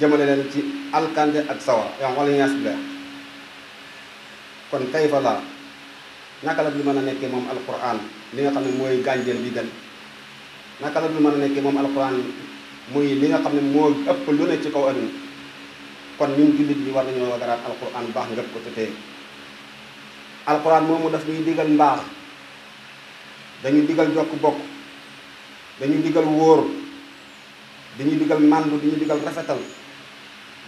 jëmale leen ci alkande ak sawar yow wala ñaas bi kon kayfa la nakala la mëna nekk mom alquran li nga xamne ne ganjel bi dal nakala la mëna nekk mom alquran moy li nga xamne ne ëpp lu ne ci kaw aduna kon ñu jullit yi war nañoo wagaraat alquran baax ngepp ko te alquran momu daf ñuy digal mbax dañu digal jokk bok dañu digal woor dañu digal mandu dañu digal rafetal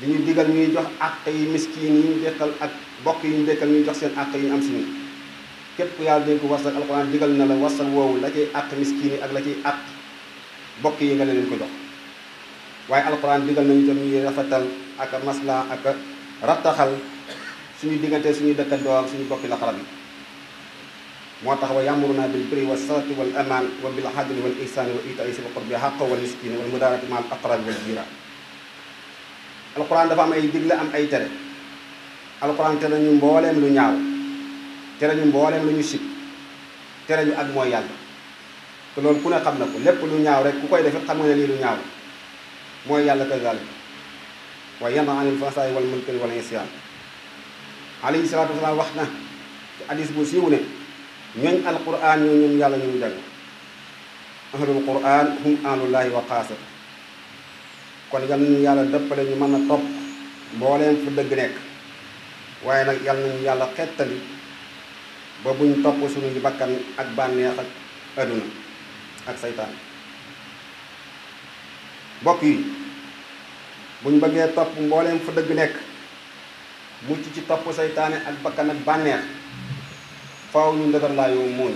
dañuy digal ñuy jox àq yi miskiin yi ñu dekkal ak bokk yi ñu dekkal ñuy jox seen àq yi ñu am si ñun képp ku yàlla dénk warsak alxuraan digal na la warsak woowu la ciy àq miskiin yi ak la ciy àq bokk yi nga leen ko jox waaye alxuraan digal nañu tam ñuy rafetal ak masla ak rattaxal suñu diggante suñu dëkkandoo ak suñu bokki la xarab yi moo tax wa yamuruna bil birri wa salati wal aman wa bil adli wal ihsani wa itaai siba qurbi xaq wal miskini wal mudaanati ma al aqrabi wal jira alxuraan dafa am ay digle am ay tere alxuraan tere ñu mbooleem lu ñaaw tere ñu mbooleem lu ñu sib tere ñu ak mooy yàlla te loolu ku ne xam na ko lépp lu ñaaw rek ku koy def xam nga ne lii lu ñaaw mooy yàlla ka dal wa yanha anil fahsaa'i wal munkari wal isyaan wax na ci hadis bu siiw ne ñooñ alquran ñoo ñoom yàlla ñu jàng ahlul quran hum ahlullahi wa xaasat kon yalla ñu yalla deppale ñu mëna top topp fu dëgg nek waye nak yalla ñu yalla xettali ba buñ top suñu bakkan ak banex ak aduna ak saytaan bokk yi buñ bëgge top mbooleem fu dëgg nek mucc ci top saytaane ak bakkan ak banex faaw ñu ndëgal la yu moñ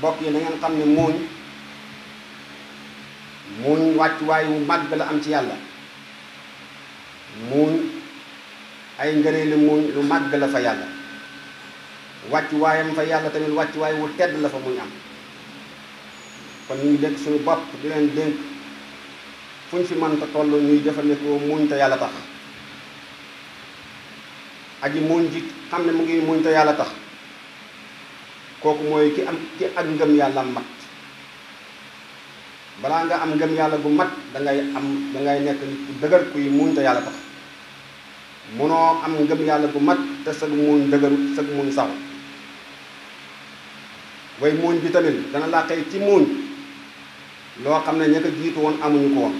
bokk yi na ngeen xamni moñ muñ wàccuwaay wu màgg la am ci yàlla muñ ay ngëneelu muñ lu màgg la fa yàlla wàccuwaayam fa yàlla tamit wàccuwaay wu tedd la fa muñ am kon ñu dénk suñu bopp di dénk fu ñu fi mënta toll ñuy jëfandikoo muñ te yàlla tax aji muñ ji xam ne mu ngi muñ te yàlla tax kooku mooy ki am ki ak ngëm yàlla mat balaa nga am ngëm yàlla gu mat da ngay am da ngay nekk ku dëgër kuy muñ te yàlla tax munoo am ngëm yàlla gu mat te sag muñ dëgëru sag muñ sax way muuñ bi tamit dana la xëy ci muuñ loo xam ne ña ko jiitu woon amuñu ko woon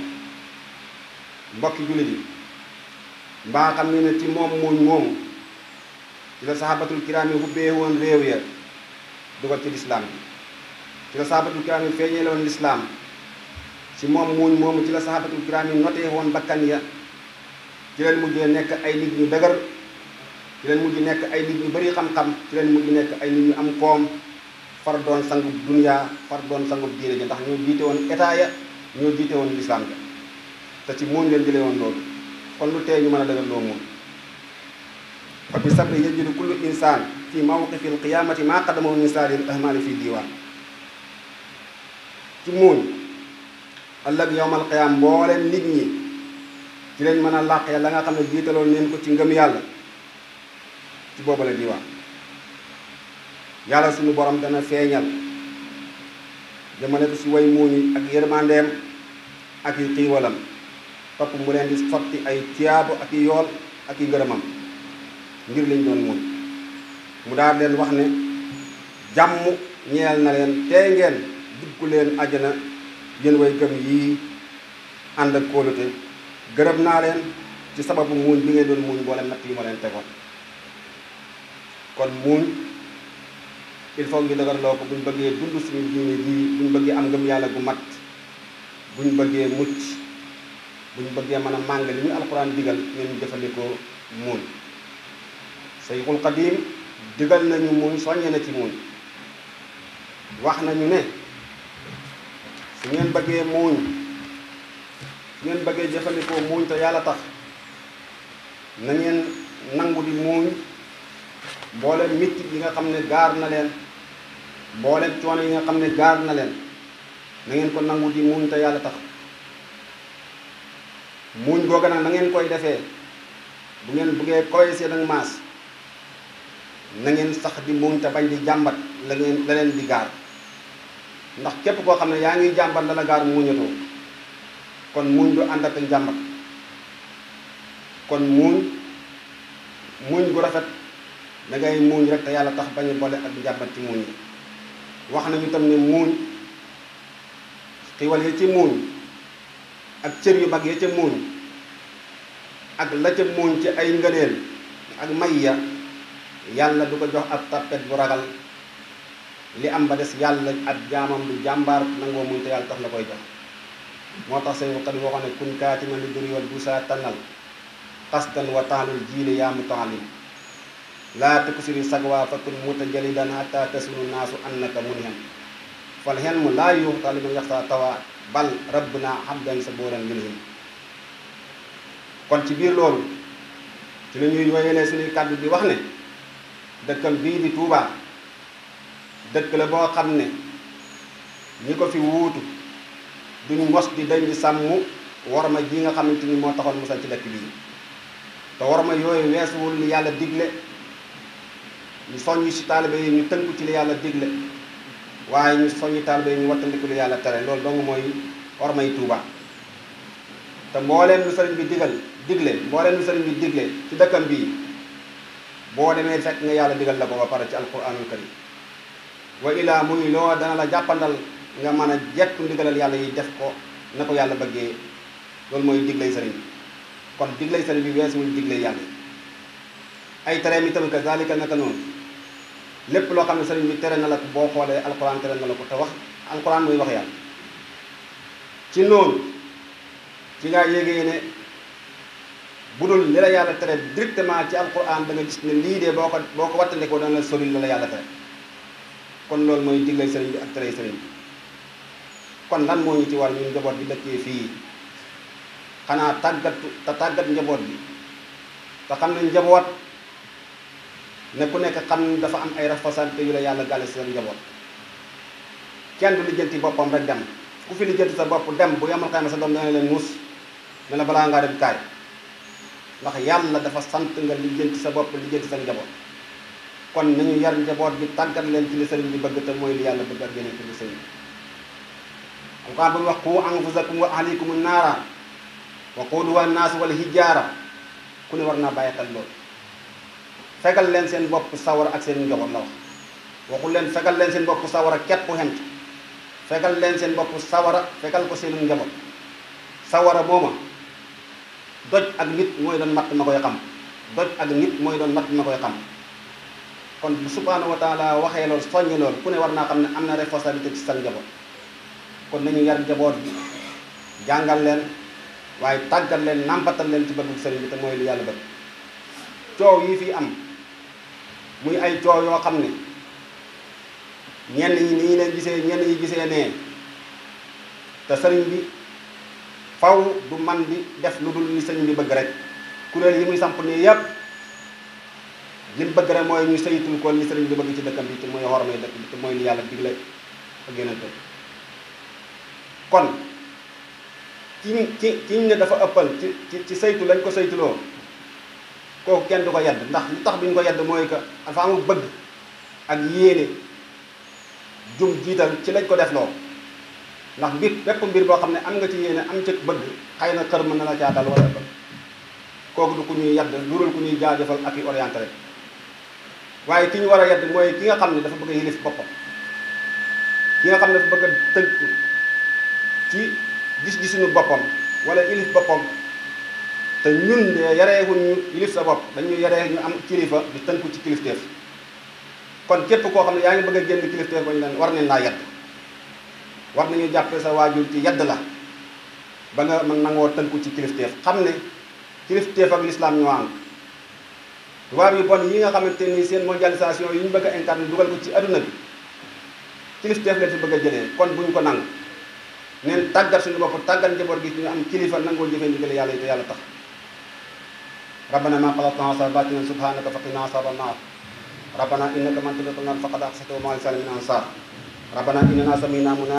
mbokki jullit yi mbaa xam ne ne ci moom muuñ moomu ci la sahabatul kiram yi xubbee woon réew ya dugal ci lislaam bi ci la sahabatul kiram yi feeñee la lislaam ci mom moñ mom ci la sahabatul kiram noté won bakkan ya ci len mujjé nek ay nit ñu dëgër ci len mujjé nek ay nit ñu bari xam-xam ci len mujjé nek ay nit ñu am koom far doon sangu dunia far doon sangu diiné ji ndax ñu jité won état ya ñu jité won islam ja te ci moñ len jëlé won loolu kon lu té ñu mëna a dëgër loo fa bi sabri yajidu kullu insaan fi mawqifil qiyamati ma qadamahu min saari al fi diiwaan ci moñ ëllëg yowmal qiyam mbooleem nit ñi ci lañ mën a ya la nga xam ne jiitaloon neen ko ci ngëm yàlla ci boobu la wax yàlla suñu borom dana feeñal jëmale ko si way muuñi ak yërmandeem ak yi xiiwalam topp mu leen di sotti ay tiyaatu ak i yool ak i ngërëmam ngir liñ doon muñ mu daal leen wax ne jàmm ñeel na leen tey ngeen dugg leen àjjana yéen way gëm yii ànd ak kóolute gërëm naa leen ci sababu muuñ bi ngeen doon muuñ mboolem natt yi ma leen tegoon kon muuñ il faut ngi dëgërloo ko buñ bëggee dund suñu diine ji ñu bëggee am ngëm yàlla gu mat buñ bëggee mucc buñ bëggee mën a màng li ñu alxuraan digal ngeen jëfandikoo muuñ Sayxul Xadiim digal nañu muuñ soññe na ci muuñ wax nañu ne su ngeen bëggee muuñ su ngeen bëggee jëfandikoo muuñ te yàlla tax na ngeen nangu di muuñ mboolem mettit yi nga xam ne gaar na leen mboolem coono yi nga xam ne gaar na leen na ngeen ko nangu di muuñ te yàlla tax muuñ googa nag na ngeen koy defee bu ngeen buggee koy seen ak maas na ngeen sax di muuñ te bañ di jàmbat la la leen di gaar ndax képp koo xam ne yaa ngi jàmbat la la gaar muñatoo kon muñ du ànd ak jàmbat kon muñ muñ gu rafet da ngay muñ rek te yàlla tax bañ a boole ak jàmbat ci muñ yi wax nañu tam ne muñ xiwal ya ci muñ ak cër yu mag ya ca muñ ak la ca muñ ci ay ngëneel ak may ya yàlla du ko jox ab tappet bu ragal li am ba dess yalla ak jaamam du jambar nango mu tayal tax la koy jox motax sey say waxtaan waxoon ne kun kaatima li duri wal busa tanal xastan wa taxlul jil ya mu la takusiri sagwa fa kun muta hatta tasunu nasu annaka munhim fal hen mu la yuuxta li man tawa bal rabbuna abdan saburan minhum kon ci bir lolou ci lañuy wayene suñu kaddu di wax ne dekkal bi di Touba. dëkk la boo xam ne ñi ko fi wuutu duñu mos di dañ di sàmm warma ji nga xamante ni moo taxoon mu sañ ci dëkk bii te war warma yooyu weesuwul li yàlla digle ñu soññi si taalibe yi ñu tënku ci li yàlla digle waaye ñu soññi taalibe yi ñu wattandiku li yàlla tere loolu dong mooy war yi Tuuba te mbooleem leen sëriñ bi digal digle mbooleem leen sëriñ bi digle ci dëkkam bii boo demee fekk nga yàlla digal la ko ba pare ci alquraanul karim wa ilaa muy loo dana la jàppandal nga mën a jettu ndigalal yàlla yi def ko na ko yàlla bëggee loolu mooy diglay sëriñ bi kon diglay sëriñ bi weesuwul diglay yàlla yi ay tereem itam kazalika naka noonu lépp loo xam ne sëriñ bi tere na la ko boo xoolee alxuraan tere na la ko te wax alxuraan muy wax yàlla ci noonu ci ngaa yéegee ne bu dul li la yàlla tere directement ci alxuraan da gis ne lii de boo ko boo ko wattandikoo dana la sori la la yàlla kon loolu moy diglé sëriñ bi ak téré sëriñ kon lan moy ci war ñu jobot bi dëkké fi xana tagat ta tagat njabot bi ta xam na njabot ne ku nekk xam dafa am ay responsabilité yu la yàlla gàlle sa njabot kenn du lijjanti boppam rek dem ku fi lijjanti sa bopp dem bu yamal xayma sa doom dana leen mus dana la balaa ngaa dem kaay ndax yàlla dafa sant nga lijjanti sa bopp lijjanti sa njabot kon nañu yar njaboot bi tàggat leen ci li sëriñ bi bëgg te mooy li yàlla bëgg ak yeneen ci li sëriñ bi alquran ba mu wax qu anfusakum wa ahlikum naara wa quduha naas wal hijaara ku ne war naa bàyyi xel loolu fegal leen seen bopp sawar ak seen njaboot la wax waxul leen fegal leen seen bopp sawara képp ku xent fegal leen seen bopp sawara fegal ko seen njaboot sawara mooma doj ak nit mooy doon matt ma koy xam doj ak nit mooy doon matt ma koy xam kon subhanahu wa taala waxe lol soññ lol ku ne warna xamne amna responsabilité ci sal jabo kon nañu yar jabo jangal len waye tagal len leen len ci bëgg sëriñ bi te moy lu yalla bëgg ciow yi fi am muy ay ciow yo xamne ñen yi ni ñu leen gisee ñenn ñi gisee nee te sëriñ bi faw du man bi def lu dul ni sëriñ bi bëgg rek ku leen yi muy samp ni yépp lim bëgg rek mooy ñu saytul ko li sëriñ bi bëgg ci dëkkam bi te mooy xormay mooy li yàlla digle ak yeneen dëkk kon ci ci ne dafa ëppal ci ci saytu lañ ko saytuloo kooku kenn du ko yedd ndax lu tax duñ ko yedd mooy que dafa amul bëgg ak yéene jum jiital ci lañ ko def loo ndax mbir bépp mbir boo xam ne am nga ci yéene am ca bëgg xëy na xër mën na la caatal wala bëgg kooku du ku ñuy yedd lurul ku ñuy jaajëfal ak i orienté rek waaye ki ñu war a yedd mooy ki nga xam ne dafa bëgg a yilif boppam ki nga xam ne dafa bëgg a tënk ci gis-gisuñu boppam wala yilif boppam te ñun de yareewuñ ñu yilif sa bopp dañu yaree ñu am kilifa di tënku ci kilifteef kon képp koo xam ne yaa ngi bëgg a génn kilifteef ba ñu leen war nañ laa war nañu jàppee sa waajur ci yedd la ba nga mën nangoo tënku ci kilifteef xam ne kilifteef ak lislaam ñoo am tubaab yu bon yi nga xamanteni seen mondialisation yi ñu bëgg a incarné dugal ko ci aduna bi kilifteef la ci bëgg jëlé kon buñ ko nang neen tàggat suñu bop tàggat njaboot gi ñu am kilifa nangoo jëfee ndigal yalla yi te yàlla tax rabbana ma ta'ala batilan subhanaka faqina asaba rabbana innaka man tudxil faqad axsaytahu ma ansar rabbana innana samina